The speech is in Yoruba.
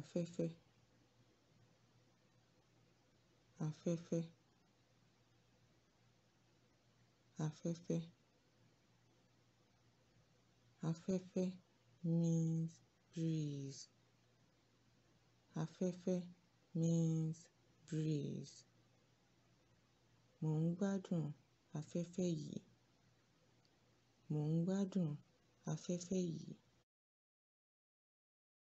afẹ́fẹ́, afẹ́fẹ́, afẹ́fẹ́. Afẹ́fẹ́ means breeze. Afẹ́fẹ́ means breeze. Mò ń gbádùn afẹ́fẹ́ yìí. Mò ń gbádùn afẹ́fẹ́ yìí.